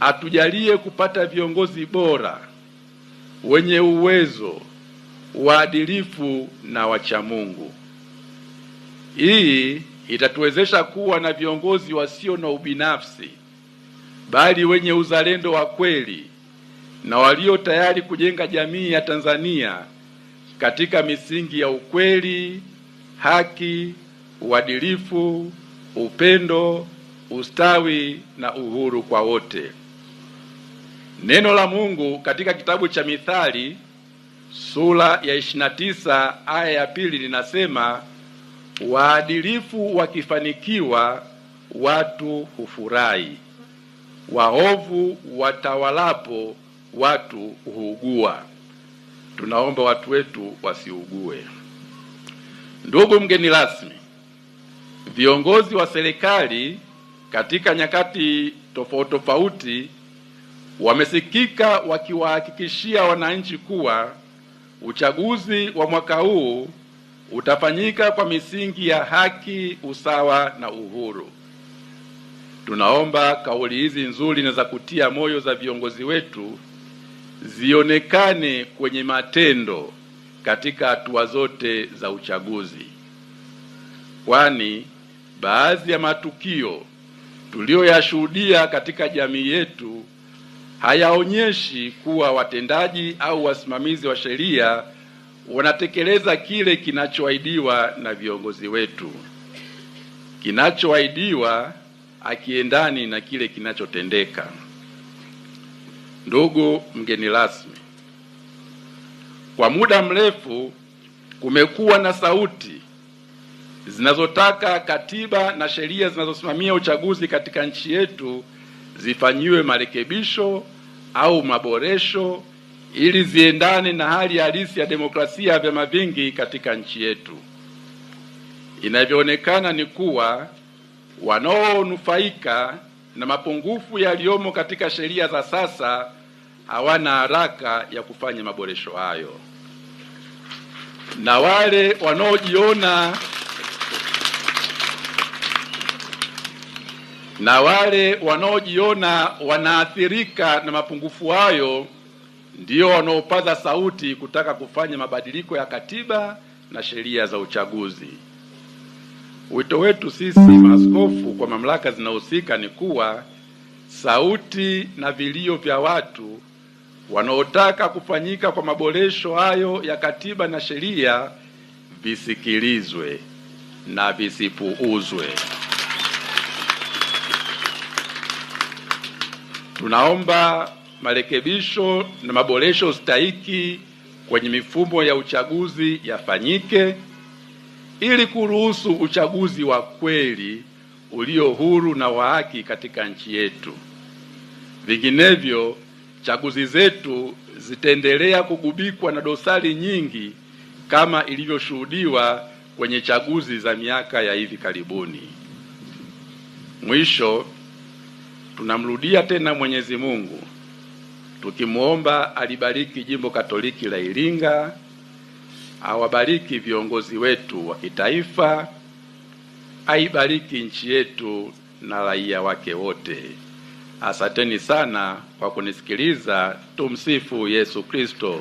atujalie kupata viongozi bora wenye uwezo, waadilifu na wachamungu. Hii itatuwezesha kuwa na viongozi wasio na ubinafsi, bali wenye uzalendo wa kweli na walio tayari kujenga jamii ya Tanzania katika misingi ya ukweli, haki, uadilifu, upendo, ustawi na uhuru kwa wote. Neno la Mungu katika kitabu cha Mithali sura ya 29 aya ya pili linasema, waadilifu wakifanikiwa watu hufurahi, waovu watawalapo watu huugua. Tunaomba watu wetu wasiugue. Ndugu mgeni rasmi, viongozi wa serikali katika nyakati tofauti tofauti wamesikika wakiwahakikishia wananchi kuwa uchaguzi wa mwaka huu utafanyika kwa misingi ya haki, usawa na uhuru. Tunaomba kauli hizi nzuri na za kutia moyo za viongozi wetu zionekane kwenye matendo katika hatua zote za uchaguzi, kwani baadhi ya matukio tuliyoyashuhudia katika jamii yetu hayaonyeshi kuwa watendaji au wasimamizi wa sheria wanatekeleza kile kinachoahidiwa na viongozi wetu. Kinachoahidiwa akiendani na kile kinachotendeka. Ndugu mgeni rasmi, kwa muda mrefu kumekuwa na sauti zinazotaka katiba na sheria zinazosimamia uchaguzi katika nchi yetu zifanyiwe marekebisho au maboresho ili ziendane na hali halisi ya demokrasia ya vyama vingi katika nchi yetu. Inavyoonekana ni kuwa wanaonufaika na mapungufu yaliyomo katika sheria za sasa hawana haraka ya kufanya maboresho hayo, na wale wanaojiona na wale wanaojiona wanaathirika na mapungufu hayo ndio wanaopaza sauti kutaka kufanya mabadiliko ya katiba na sheria za uchaguzi. Wito wetu sisi maaskofu kwa mamlaka zinahusika ni kuwa sauti na vilio vya watu wanaotaka kufanyika kwa maboresho hayo ya katiba na sheria visikilizwe na visipuuzwe. Tunaomba marekebisho na maboresho stahiki kwenye mifumo ya uchaguzi yafanyike ili kuruhusu uchaguzi wa kweli ulio huru na wa haki katika nchi yetu. Vinginevyo, chaguzi zetu zitaendelea kugubikwa na dosari nyingi kama ilivyoshuhudiwa kwenye chaguzi za miaka ya hivi karibuni. Mwisho, Tunamrudia tena Mwenyezi Mungu tukimwomba alibariki jimbo Katoliki la Iringa, awabariki viongozi wetu wa kitaifa, aibariki nchi yetu na raia wake wote. Asanteni sana kwa kunisikiliza. Tumsifu Yesu Kristo.